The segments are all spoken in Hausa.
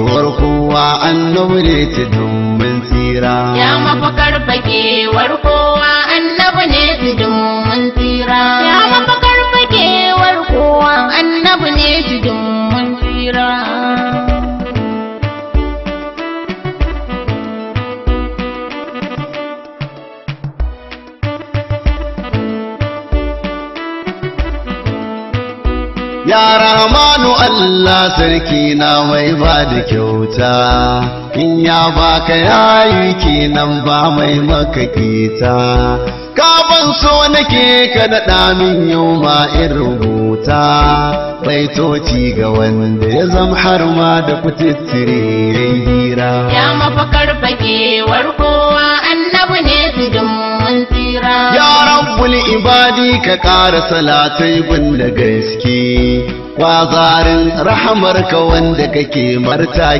war kowa an nure ta domin tsira ya mafakar war kowa ya Rahmanu Allah sarki na mai ba da kyauta in ya baka yayi kenan ba mai maka kita ban so nake ka naɗa min yau ma in rubuta baitoci ga wanda ya zam har ma da kututture hira ya mafakar fakewar warko. wani ibadi ka ƙara salatai bunda da gaske kwazarin rahamarka wanda kake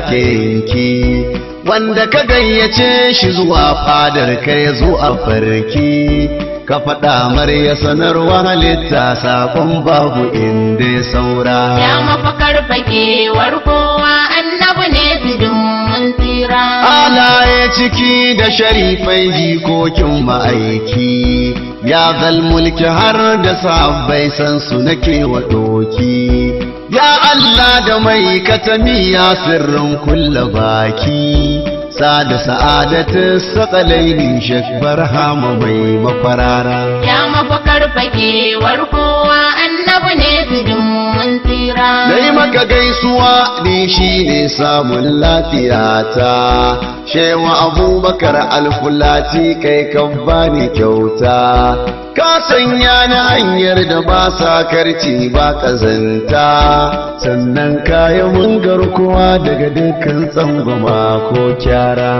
ke yanki wanda ka gayyace shi zuwa fadar ka ya zo a farki ka faɗa mar ya sanarwa halitta sakon babu inda ya saura ya mafakar fakewar kowa annabu ne bidin mun tsira alaye ciki da sharifai jikokin ma'aiki ya zal mulki har da sabbai san su nake wa doki ya Allah da mai katami ya sirrin kulla baki sada sa'adatin sakalainin shakbar hama mai mafarara ya mafakar fakewar kowa annabu ne su mun tsira ka gaisuwa ni shine samun lafiya ta, shewa abubakar alfulati kai kan bani kyauta ka sanya na hanyar da ba sa karci ba kazanta sannan kaya mun garkuwa daga dukkan tsangwama ko kyara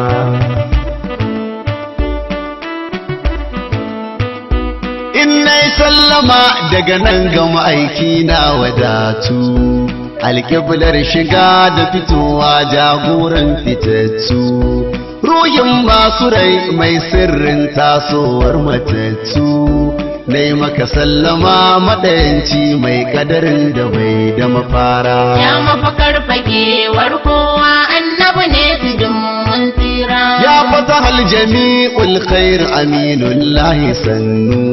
in na sallama daga nan ga ma'aiki na wadatu alƙiblar shiga da fitowa jagoran fitattu ruhin masu rai mai sirrin tasowar matattu nai maka sallama maɗayanci mai ƙadarin da bai da mafara ya mafakar fagewar kowa annabu ne ya fata haljami ulkhair aminun lahi sannu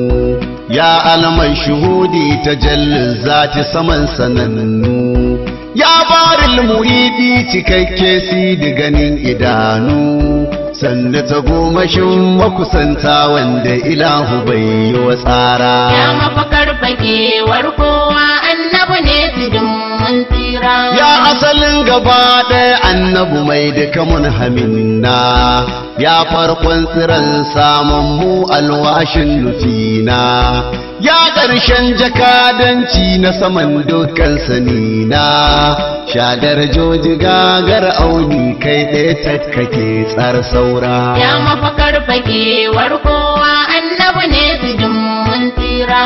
ya alamai shuhudi ta jallin ذات saman sanannu. ya baril muhidi cikakke da ganin idanu sanda ta gomashin makusanta wanda ilahu bai yi wa tsara ya mafakar bakewar warko asalin gaba ɗaya annabu mai duka mun haminna ya farkon tsiran samun mu alwashin lufina ya ƙarshen jakadanci na saman dukkan sanina shagar joji gagar auni kai ɗaya takkake tsar saura ya mafakar fakewar kowa annabu ne su tsira